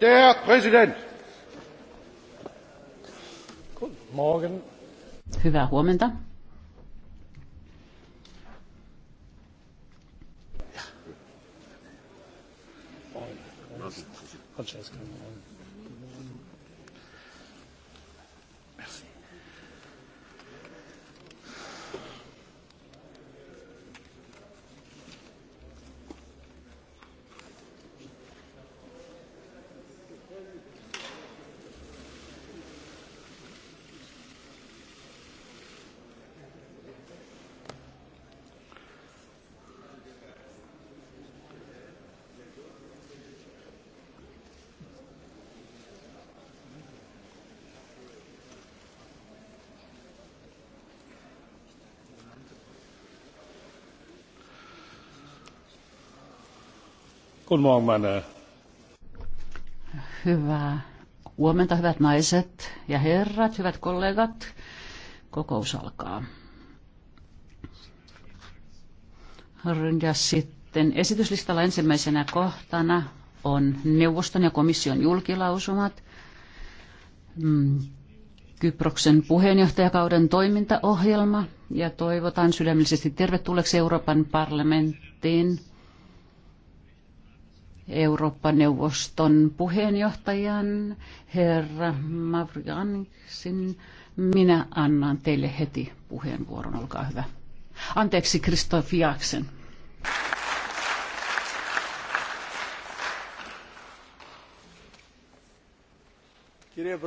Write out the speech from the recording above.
Der Präsident. Guten Morgen. Hyvää huomenta. Francesca. Guten Morgen, meine. Hyvää huomenta, hyvät naiset ja herrat, hyvät kollegat. Kokous alkaa. Ja sitten esityslistalla ensimmäisenä kohtana on neuvoston ja komission julkilausumat. Mm, Kyproksen puheenjohtajakauden toimintaohjelma ja toivotan sydämellisesti tervetulleeksi Euroopan parlamenttiin Eurooppa-neuvoston puheenjohtajan herra Mavrianiksin. Minä annan teille heti puheenvuoron, olkaa hyvä. Anteeksi, Kristof Jaaksen.